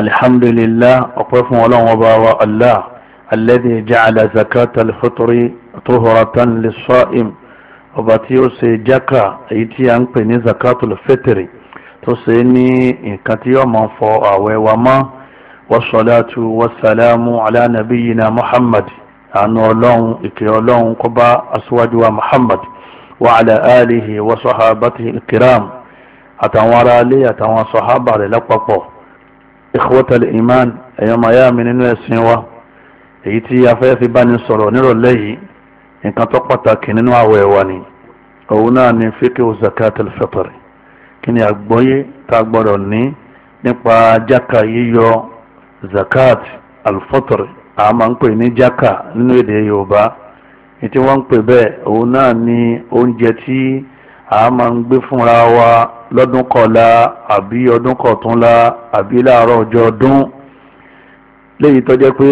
alhamdulillah ọpẹ́ fún ọlọ́run ọba wa allah alladhi ja'ala zakat alfitri tuhuratan lis-sa'im ọba tí ó ṣe jaka èyí tí a ń pè ní zakat alfitri tó ṣe ní nǹkan tí yóò máa fọ àwẹ̀ wa mọ́ wasalaatu wasalaamu ala nabiyina muhammad àánú ọlọ́run ìkẹ́ ọlọ́run kó bá wa muhammad wa ala alihi wa sahabatihi alkiram àtàwọn aráalé àtàwọn sahaba lápapọ̀ ikhwatal iman ẹ̀yọ́ màyá mi nínú ẹ̀sìn wa èyí tí afẹ́fẹ́ fi bá ní sọ̀rọ̀ nírọ̀lẹ́ yìí nǹkan tó pàtàkì nínú àwẹ̀ wa ni òun náà ni fíkì zakatul fitr kí ni àgbọ́yé tá a gbọ́dọ̀ ní nípa jáka yíyọ zakat alfitr a ń pè ní jáka nínú èdè yorùbá ètí wọ́n ń pè bẹ́ẹ̀ òun náà ni oúnjẹ tí a ń gbé fúnra wa lọ́dún kọ̀la àbí ọdún kọ̀túnla àbí láàárọ̀ ọjọ́ ọdún léyìí tó jẹ́ pé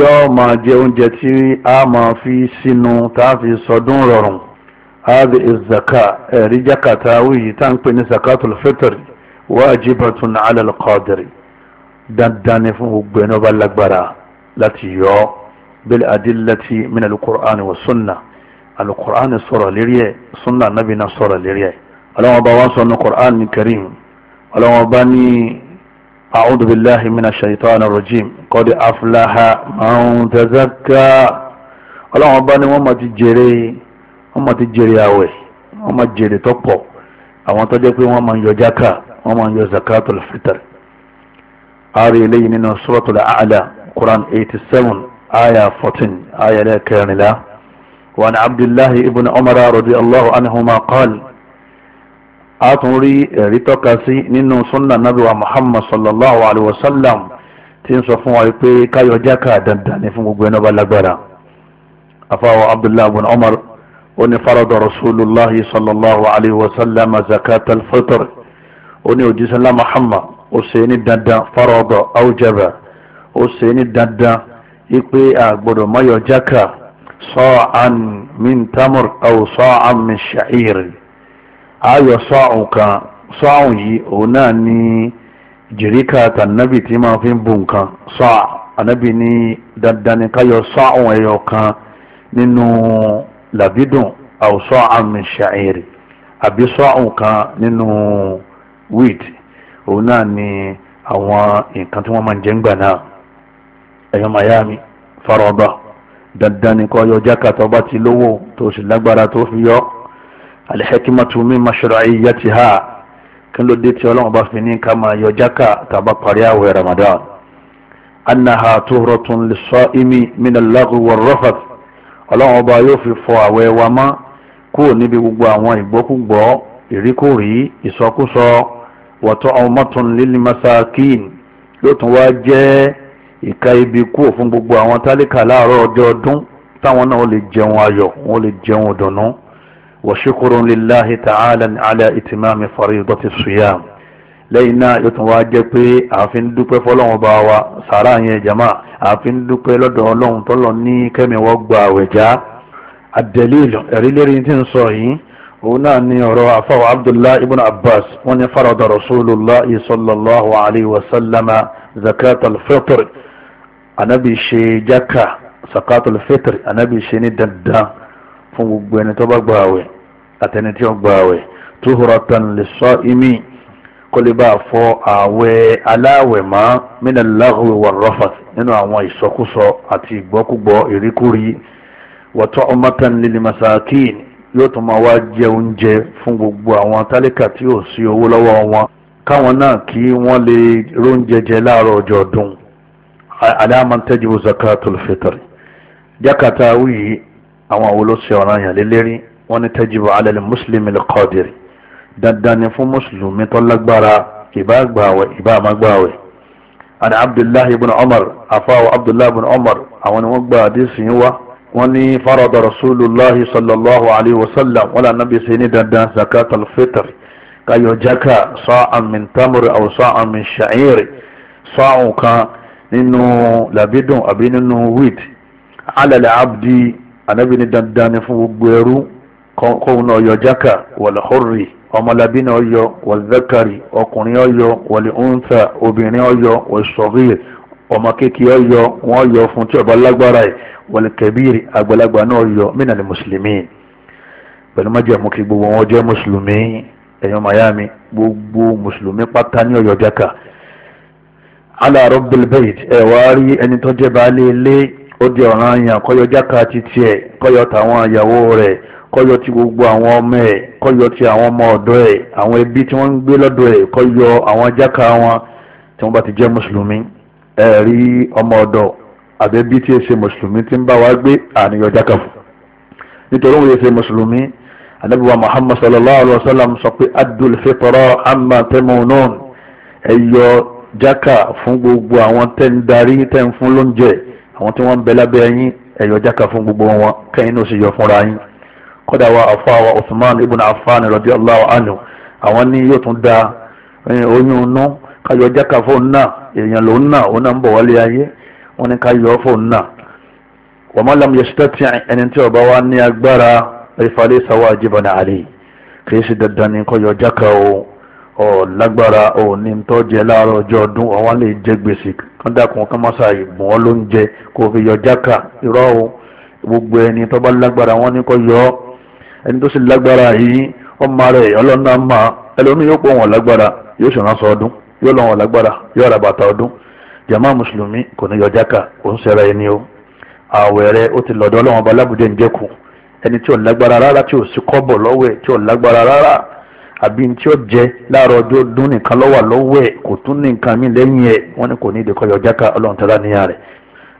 yóò máa jẹ oúnjẹ tí a máa fi sínú tá a fi sọdún rọrùn hadi zaka ẹ̀rí jákàtà wíyí tá à ń pè ní zakatul fitr wajibatun ala al-qadiri dandan ni fún gbogbo ẹni ọba lágbára láti yọ ọ́ bil adillati min wa sunna al sọ̀rọ̀ lérí ẹ̀ sunna nabi náà sọ̀rọ̀ lérí ẹ̀ ọlọ́wọ́n bá wá sọ ní Qur'an Karim ọlọ́wọ́n bá ní a'udhu billahi minash shaitanir rajim qad aflaha man tazakka ọlọ́wọ́n bá ní wọ́n máa ti jèrè wọ́n máa ti jèrè àwẹ̀ wọ́n máa jèrè tó pọ̀ àwọn tó jẹ́ pé wọ́n máa ń yọ jáka wọ́n máa ń yọ zakatul fitr ààrẹ eléyìí nínú suratul A'la Qur'an eighty seven aya fourteen aya lẹ́ẹ̀kẹrìnlá wa an Abdullahi ibn Umar radiyallahu anhuma qala a tún rí ẹ̀rí tọ́ka sí nínú sunna nabi wa muhammad sallallahu alayhi wa sallam tí ń sọ fún wa pé káyọ̀ jáka dandan ní fún gbogbo ẹni ọba lágbára afaawo abdullahi bin umar ó ní farada rasulillahi sallallahu alayhi wa sallam zakat al-fitr ó ní òjísàlá muhammad ó ṣe ní dandan farada awjaba ó ṣe ní dandan ipe àgbọ́dọ̀ mayọ̀ jáka sa'an min tamur aw sa'an min sha'ir ayọ̀ sọ́ọ̀hún kan sọ́ọ̀hún yìí òun náà ní jìríkà tànàbì tí máa fi ń bu nǹkan sọ́ọ̀ ànábì ní dandan ní káyọ̀ sọ́ọ̀hún ẹ̀yọ kan nínú làbídùn àwòsàn àmì ṣàìrì àbí sọ́ọ̀hún kan nínú wheat òun náà ní àwọn nǹkan tí wọ́n máa ń jẹ ń gbà náà ẹ̀yọ́ miami faraba dandan ní kọ́ yọ jákàtọ̀ bá ti lówó tó sì lágbára tó fi yọ alihakimatu mi mashru'iyyatiha kí ló dé tí ọlọ́run bá fi ní ká máa yọ jáka tàbá parí àwẹ̀ ramadan annaha tuhratun lis-sa'imi min al-lagwi war-rafath ọlọ́run ọba yóò fi fọ àwẹ̀ wa mọ́ kúrò níbi gbogbo àwọn ìgbọ́kúgbọ́ ìríkòrí ìsọkúsọ wa ta'amatun lil-masakin yóò tún wá jẹ́ ìka ibi kúrò fún gbogbo àwọn tálíkà láàárọ̀ ọjọ́ ọdún táwọn náà lè jẹun ayọ̀ wọn lè jẹun ìdùnnú. وشكر لله تعالى على إتمام فريضة الصيام lẹ́yìn náà yóò tún wá jẹ́ pé àfin dúpẹ́ fọlọ́run bá wa sàrà yẹn jama àfin dúpẹ́ lọ́dọ̀ ọlọ́run tọ́lọ́ ní kẹ́mìíwọ́ gba àwẹ̀já àdẹ̀lẹ́lù ẹ̀rí lérí tí ń sọ yìí òun náà ni ọ̀rọ̀ àfọwọ́ abdullahi ibn abbas wọ́n ní farada rasulullah sallallahu alayhi wa sallama zakat al-fitr anabi ṣe jaka zakat al-fitr anabi ṣe ní dandan fún gbogbo ẹni tó bá gba àwẹ̀ àtẹni tí ó gba àwẹ̀ tuhuratan lis-sa'imi kó lè bá a fọ àwẹ̀ aláwẹ̀ mọ́ minal lahwi war-rafath nínú àwọn ìsọkúsọ àti ìgbọ́kúgbọ́ ìríkúrí wa tu'matan lil-masakin yóò tún máa wá jẹ oúnjẹ fún gbogbo àwọn tálíkà tí ò sí owó lọ́wọ́ wọn káwọn náà kí wọ́n lè róúnjẹ jẹ láàárọ̀ ọjọ́ ọdún aláàmà zakatul fitr jákàtà wíyí àwọn àwo ọ̀ràn yàn lélẹ́rìí wọ́n ní tajibu ala al muslim al qadir dandan ni fún mùsùlùmí tó lágbára ìbá gbàwẹ̀ ìbá má gbàwẹ̀ an abdullahi ibn umar afawo abdullahi ibn umar àwọn ni wọ́n gba àdísì yín wá wọ́n ní farada rasulullahi sallallahu alayhi wa sallam wala nabi sèé ní dandan zakat alfitr kayo jaka sa'an min tamri aw sa'an min sha'iri sa'un kan nínú labidun àbí nínú wheat ala abdi anabi ní dandan ni fún gbogbo kóhun ọyọ jaka jákà wàlúhórì ọmọlábí ọyọ yọ wàlúzákàrì ọkùnrin ọyọ wàlúhùnsà obìnrin ọyọ wàlúsọ̀gìrì ọmọ kékeré ọyọ wọn yọ fún tí ọba lágbára ẹ wàlúkẹbìrì àgbàlagbà náà yọ mùsùlùmí gbogbo wọn mùsùlùmí gbogbo mùsùlùmí pátá ní ala rí ẹni tó baálé ilé ó di ọ̀ràn àyàn ti tiẹ̀ tàwọn kọ́yọ ti gbogbo àwọn ọmọ ẹ̀ kọ́yọ ti àwọn ọmọ ọ̀dọ́ ẹ̀ àwọn ẹbí tí wọ́n ń gbé lọ́dọ̀ ẹ̀ kọ́yọ àwọn jáka wọn tí wọ́n bá ti jẹ́ mùsùlùmí ẹ̀rí ọmọ ọ̀dọ̀ àbẹ́bí tí ẹ ṣe mùsùlùmí ti ń bá wa gbé àníyàn jáka fún nítorí wọn yẹ ṣe mùsùlùmí anabiwa muhammad sallallahu alayhi wa sallam sọ pé adul fitra amma temunun ẹ yọ jáka fún gbogbo àwọn tẹ́ ń darí tẹ́ ń fún lóúnjẹ àwọn tí wọ́n ń bẹ lábẹ́ yín ẹ yọ jáka fún gbogbo wọn kẹ́yìn náà sì yọ fúnra yín kọ́dà wa àfọwà Usman ibn Affan radiyallahu anhu àwọn ní yóò tún da eh, oyún inú káyọ̀ jáka fóun náà èèyàn lòun náà òun náà ń bọ̀ wálé ayé wọn ní káyọ̀ fóun náà wa man lam yastati' ẹni tí ó bá wà ní agbára ìfàlẹ́ sáwọ́ àjẹbọ̀nà àlè kì í ṣe dandan ní kọ́yọ̀ jáka o ọ lágbára ò ní tọ́ jẹ láàárọ̀ ọjọ́ ọdún àwọn lè jẹ gbèsè kán dákun kán má ṣàì bùn ọ́ lóúnjẹ kó fi yọ jáka irọ́ o gbogbo ẹni tó bá lágbára wọn ní kó yọ ọ́ ẹni tó sì lágbára yìí ọmọ rẹ̀ ọlọ́nà máa ẹlòmíì yóò pọ̀ wọn lágbára yóò sì ránṣọ ọdún yóò lọ́wọ́ lágbára yóò ra bàtà ọdún jama mùsùlùmí kò ní yọ jáka kò ń ṣẹra ẹni o ààwẹ̀ rẹ̀ ó ti lọ́dọ̀ ọlọ́wọ́n ọba lábùjẹ́ ǹjẹ́kù ẹni tí ò lágbára rárá tí ò sí kọ́bọ̀ lọ́wọ́ ẹ̀ tí ò lágbára rárá àbí ní tí ó jẹ láàárọ̀ ọjọ́ dún nìkan lọ́wọ́ lọ́wọ́ ẹ̀ kò tún ní nǹkan mi lẹ́yìn ẹ̀ wọ́n ní kò ní ìdíkọ́ yọ jáka ọlọ́run tẹ́lá níyà rẹ̀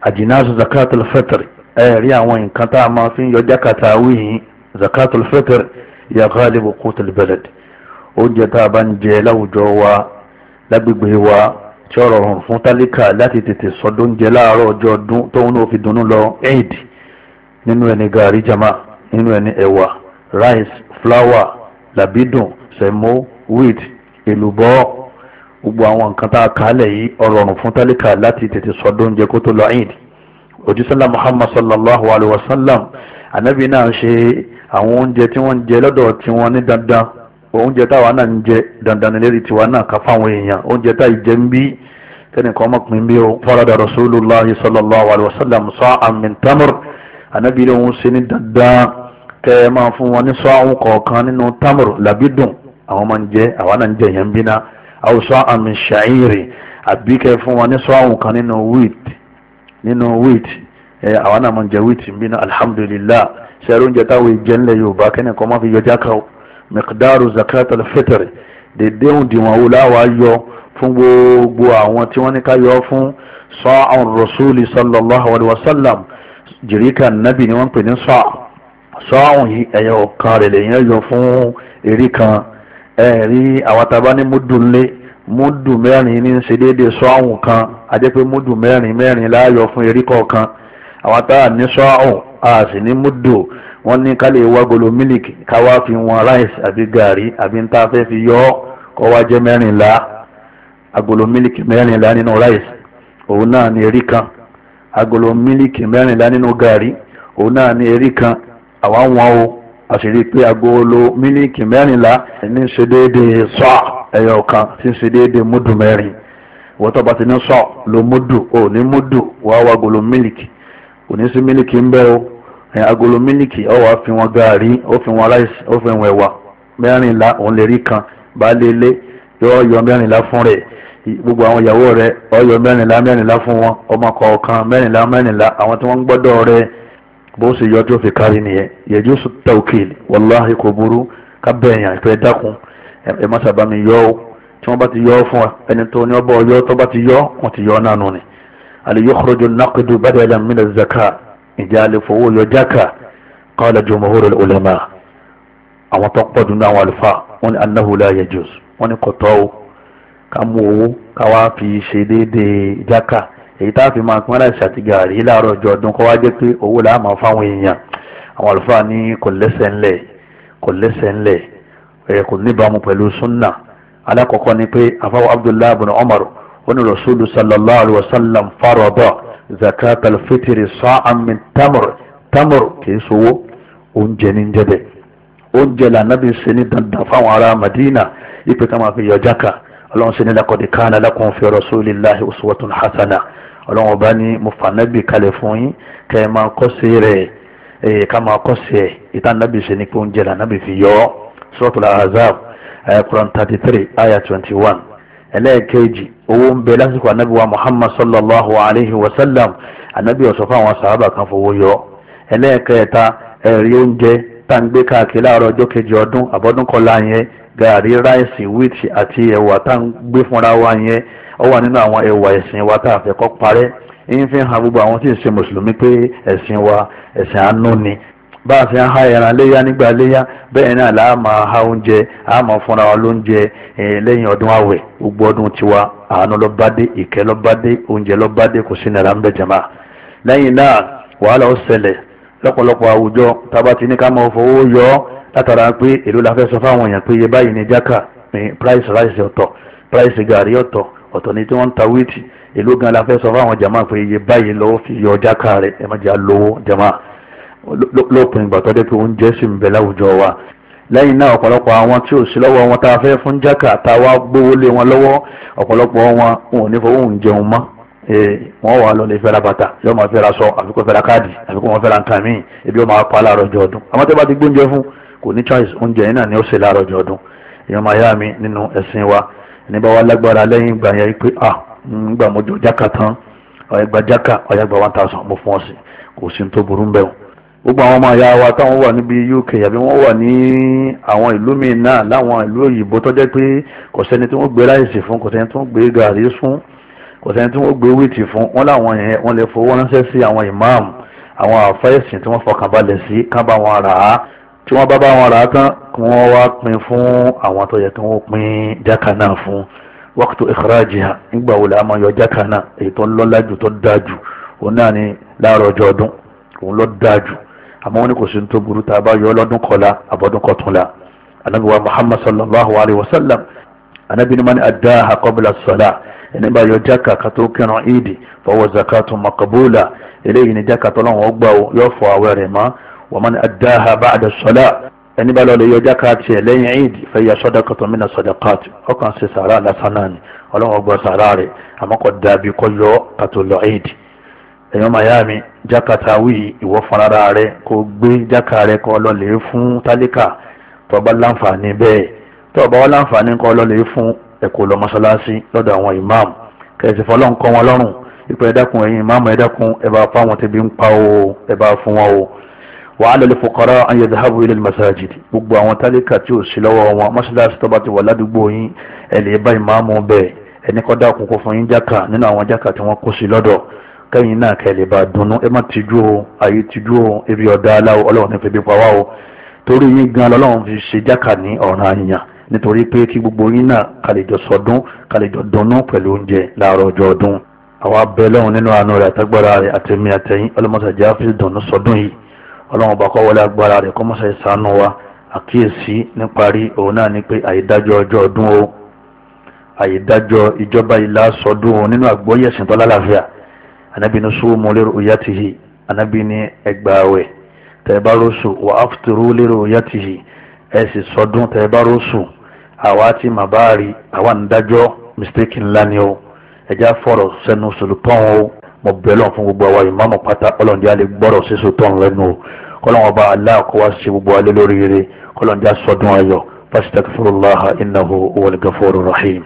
àjìnà zakat al-fitr ẹ̀ rí àwọn nǹkan tá a máa fi ń yọ jáka tá a wí yìí zakatul fitr ya ghalibu qutul balad oúnjẹ tá a bá ń jẹ láwùjọ wa lágbègbè wa tí ọ̀rọ̀ rọrùn fún tálíkà láti tètè sọdọ́ ń jẹ láàárọ̀ ọjọ́ ọdún tóun náà fi dunnú lọ eid nínú ẹni gàrí jama nínú ẹni ẹ̀wà rice flour làbídùn sẹ̀mó wheat èlùbọ́ gbogbo àwọn nǹkan tá a kàálẹ̀ yìí ọ̀rọ̀ rọrùn fún tálíkà láti tètè sọdọ́ jẹ kó tó lọ eid òjísọ́lá muhammad sallallahu alayhi wa sallam anabi náà ṣe àwọn oúnjẹ tí wọ́n ń jẹ lọ́dọ̀ tiwọn ní dandan oúnjẹ táwa náà ń jẹ dandan ní lérí tiwa náà ká fáwọn èèyàn oúnjẹ tá ìjẹ ń bí kẹ́nìkan ọmọkùnrin bí o. farada rasulillah sallallahu alayhi wa sallam sa'an min tamur. anabi ni òun ṣe ní dandan kẹ́ ẹ máa fún wọn ní sa'an kọ̀ọ̀kan nínú tamr làbídùn àwọn máa ń jẹ àwa náà ń jẹ yẹn ń bínà aw sa'an min sha'iri àbí kẹ́ fún wọn ní sa'an kan nínú wheat nínú wheat ẹ àwọn náà máa ń jẹ wíìtì ń bí náà alhamdulillah sẹ́rù oúnjẹ táwọn ìjẹ́ ńlẹ̀ yorùbá kẹ́ni kan máa fi yọjá ká o miqdaru zakat al-fitr dèdè òǹdìwọ̀n wo láwa yọ fún gbogbo àwọn tí wọ́n ní ká yọ fún sa'an rasuli sallallahu alayhi wa sallam jìríkà nabi ni wọ́n pè ní sa'a sa'an yìí ẹ̀yẹ ọ̀kan rẹ̀ lẹ́yìn yọ fún eré kan ẹ̀rí àwọn taba ní múdù ńlẹ̀ múdù mẹ́rin ní ṣe déédéé sa'an kan àjẹpẹ́ múdù mẹ́rin mẹ́rin láyọ̀ fún eré kọ̀ọ̀kan àwọn tá a ní sọ́ọ̀hún a sì ní múdò wọ́n ní ká lè wá golo mílìkì ká wá fi wọn ráìsì àbí gàrí àbí ń ta fẹ́ fi yọ ọ́ kọ́ wá jẹ́ mẹ́rìnlá agolo mílìkì mẹ́rìnlá nínú ráìsì òun náà ní erí kan agolo mílìkì mẹ́rìnlá nínú gàrí òun náà ní erí kan àwa wọn o a sì rí i pé agolo mílìkì mẹ́rìnlá ní ṣe déédéé sọ́ọ̀ ẹ̀yọ̀ kan ti ṣe déédéé múdù mẹ́rin wọ́n tó bá ti ní sọ́ọ̀ lo múdù ò ní múdù wàá wá agolo mílìkì kò ní sí mílíkì ń bẹ́ o agolo mílíkì ọ wàá fi wọn gaari ó fi wọn aláìsí ó fi wọn ẹ̀wà mẹ́rìnlá òun lè rí kan baálé ilé yọ yọ mẹ́rìnlá fún rẹ̀ gbogbo àwọn ìyàwó rẹ̀ ọ yọ mẹ́rìnlá mẹ́rìnlá fún wọn ọmọ kọ̀ọ̀kan mẹ́rìnlá mẹ́rìnlá àwọn tí wọ́n ń gbọ́dọ̀ rẹ̀ bó ṣe yọ tí ó fi kárí nìyẹn yẹjú tawkil wàláhi kò burú kábẹ́ẹ̀yàn ìfẹ́ dákun ẹ̀ má sábà mi yọ o tí wọ́n bá ti yọ fún ẹni tó ní ọbọ̀ هل يخرج النقد بدلا من الزكاة إجال فوول وجكا قال جمهور العلماء أو تقبض نوع الفاء وأن أنه لا يجوز وأن قطعوا كمو كوافي شديد جكا èyí tá a fi máa pínlẹ̀ ṣàtìgàrí láàárọ̀ ọjọ́ ọdún kó wá jẹ́ pé owó làá máa fáwọn èèyàn àwọn àlùfáà ní kò lẹ́sẹ̀ ńlẹ̀ kò lẹ́sẹ̀ ńlẹ̀ ẹ̀ kò níbàámu pẹ̀lú sunna alákọ̀ọ́kọ́ ni pé àfáwọn Abdullahi ibn Umar wọn rasulu sallallahu alayhi wa sallam farada zakat alfitiri sa'an min tamur tamur kìí sowó oúnjẹ ní jẹbẹ oúnjẹ lànàbí sẹni dandan fáwọn ará madina ipe ká máa fi yọjá kan ọlọ́run sẹni lakọ̀dí kan alákùn fi rasulillahi uswatun hasana ọlọ́run ọba ní mo fànàbí fún yín kẹ́ ẹ máa kọ́sẹ̀ rẹ̀ ẹ̀ ká máa kọ́sẹ̀ ìtànàbí sẹni pé oúnjẹ lànàbí fi yọ suratul ahzab ayah thirty three ayah twenty one ẹlẹ́ẹ̀kejì owó ń bẹ lásìkò anabi wa muhammad sallallahu alayhi wa sallam anabi ọ̀sọ̀ fún àwọn sàhábà kan fowó yọ ẹlẹ́ẹ̀kẹta ẹ̀rí oúnjẹ tá à ń gbé káàkiri láàárọ̀ ọjọ́ kejì ọdún àbọ̀dún kọlá yẹn gàrí ráìsì wíìtì àti ẹ̀wà tá à ń gbé fúnra wa yẹn ó wà nínú àwọn ẹ̀wà ẹ̀sìn wa tá a fẹ́ kọ́ parẹ́ ń fi hàn gbogbo àwọn tí ì ṣe mùsùlùmí pé ẹ̀sìn wa ẹ̀sìn àánú ni bá a fi ha ẹran léyà nígbà léyà bẹ́ẹ̀ náà là á máa ha oúnjẹ á máa fúnra wa lóúnjẹ lẹ́yìn ọdún àwẹ̀ gbogbo ọdún tiwa àánú lọ́bàdé ìkẹ́ lọ́bàdé oúnjẹ lọ́bàdé kò sí nàrà ń bẹ̀ jẹ̀má lẹ́yìn náà wàhálà ó ṣẹlẹ̀ lọ́pọ̀lọpọ̀ àwùjọ tába ti ní ká máa fowó yọ ọ́ látara pé èló la fẹ́ sọ fáwọn èèyàn pé iye báyìí ni jákà ní price rice ọ̀tọ̀ price gàrí ọ̀tọ̀ ọ̀tọ̀ ni tí wọ́n ń ta wíìtì èló gan la fẹ́ sọ fáwọn jàmáà pé iye báyìí lọ́wọ́ fi yọ jákà rẹ̀ ẹ̀ má jà lówó jàmáà lópin ìgbà tó dé pé oúnjẹ sì ń bẹ láwùjọ wa lẹ́yìn náà ọ̀pọ̀lọpọ̀ àwọn tí ò sí lọ́wọ́ wọn tá a fẹ́ fún jákà tá a wá gbówó lé wọn lọ́wọ́ ọ̀pọ̀lọpọ̀ wọn wọn ò ní fowó ń jẹun mọ́ wọn wà lọ lè fẹ́ra bàtà yóò máa fẹ́ra sọ àfikún fẹ́ra káàdì àfikún wọn fẹ́ra nǹkan míì ebi wọn máa pa láàárọ̀ ọjọ́ ọdún àmọ́ tẹ́ bá ti gbóúnjẹ fún kò ní choice oúnjẹ yìí náà ni ó ṣe láàárọ̀ ọjọ́ ọdún èèyàn máa yá mi nínú ẹ̀sìn wa ní bá wa lágbára lẹ́yìn ìgbà yẹn pé ah ń gbà mọ́jọ jákà tán jákà ọ̀yà gba one thousand mo fún ọ sí kò sí ní tó burú ń bẹ̀rù gbogbo àwọn ọmọ ìyá wa táwọn wà níbi UK àbí wọ́n wà ní àwọn ìlú míì náà láwọn ìlú òyìnbó tọ́jẹ́ pé kò sẹ́ni tí wọ́n gbé ráìsì fún kò sẹ́ni tí wọ́n gbé gàrí fún kò sẹ́ni tí wọ́n gbé wíìtì fún wọ́n láwọn yẹn wọ́n lè fowó ránṣẹ́ sí àwọn ìmáàmù àwọn àfẹ́sìn tí wọ́n fọkàn balẹ̀ sí ká bá wọn rà á tí wọ́n bá bá wọn rà á tán kí wọ́n wá pín fún àwọn tó yẹ kí wọ́n pín jákà náà fún wákàtí ìkàràjìhà la máa yọ òun náà ni láàárọ̀ ọjọ́ ọdún òun ló dáa jù àmọ́ wọn ni kò sí ní tó burú tá a bá yọ ọlọ́dún kọlá àbọ̀dún kọtùnla anabi wa muhammad sallallahu alayhi wa sallam anabi ni mani adaha qabla as-salah ẹni bá yọ jaka ka tó kẹran ìdì fọwọ́ zakatu makabula eléyìí ni jaka tó lọ́wọ́ gbà ó yọ fọ àwẹ̀ rẹ̀ mọ́ wa mani adaha ba'da as-salah ẹni bá lọ́ọ́ lè yọ jaka tiẹ̀ lẹ́yìn ìdì fẹ́yà sadaqatu mina sadaqat ọkàn ṣe sàrà lásán náà ni ọlọ́wọ́ gbọ́ sàrà rẹ̀ àmọ́ kọ́ dàbí kọ́ yọ kàtó lọ ìdì èèyàn miami jákàtàwí ìwọ fúnra rẹ kó gbé jákà rẹ kó lọlẹ fún tálíkà tó bá láǹfààní bẹ́ẹ̀ tó bá wà láǹfààní kó lọlẹ fún ẹ̀kọ́ lọ mọ́ṣáláṣí lọ́dọ̀ àwọn ìmáàmù kẹsì fọlọ́n kọ́ wọn lọ́rùn ipò ẹ̀dákun ẹ̀yìn ìmáàmù ẹ̀dákun ẹ̀ bá fáwọn tẹ̀bí ń pa o ẹ̀ bá fún wọn o wa 'ala al-fuqara an yadhhabu ila al-masajid gbogbo àwọn tálíkà tí ò sí lọ́wọ́ wọn mọ́ṣáláṣí tó ti wà ládùúgbò yín ẹ̀ ìmáàmù bẹ́ẹ̀ ẹni kọ́ dákun kó fún yín jákà nínú àwọn jákà tí wọ́n kó sí lọ́dọ̀ kẹ́yìn náà kẹ́ lè bá dunnú ẹ má tijú o àyè tijú o ebi ọ̀dà aláwo ọlọ́run ní fẹ́bi pàwá o torí yín gan lọ́lọ́run fi ṣe jákà ní ọ̀ràn àyàn nítorí pé kí gbogbo yín náà kàlejò sọdún kàlejò dunnú pẹ̀lú oúnjẹ láàárọ̀ ọjọ́ ọdún àwa bẹ lọ́run nínú àánú rẹ̀ àtẹ́gbára rẹ̀ àtẹ̀mí àtẹ̀yìn ọlọ́mọṣàjẹ́ àfi dùnú sọdún yìí ọlọ́run ọba kọ́ wọlé agbára rẹ̀ kọ́mọṣẹ́ ìsànú wa àkíyèsí níparí òun náà ni pé àyídájọ́ ọjọ́ ọdún o àyídájọ́ ìjọba ìlà sọdún o nínú àgbọ́yẹ̀sìn tó anabi ni sumu liru yatihi anabi ni ẹgbàáwẹ̀ tẹbarosu wa afuturu liru yatihi ẹ sì sọdún tẹbarosu àwa ti màbáàrí àwa ń dájọ́ mistake ńlá ni o ẹja fọ̀rọ̀ sẹ́nu sòlùpọ̀n o mo bẹ̀ lọ́n fún gbogbo àwa ìmáàmù pátá ọlọ́njẹ́ alẹ́ gbọ́dọ̀ sí sòtọ́n lẹ́nu o kọ́lọ́n ọba aláàkọ́ wá sí gbogbo alẹ́ lóríire kọ́lọ́njẹ́ sọdún ayọ̀ fásitẹ́kì fúrúláhà innahu huwal ghafurur rahim.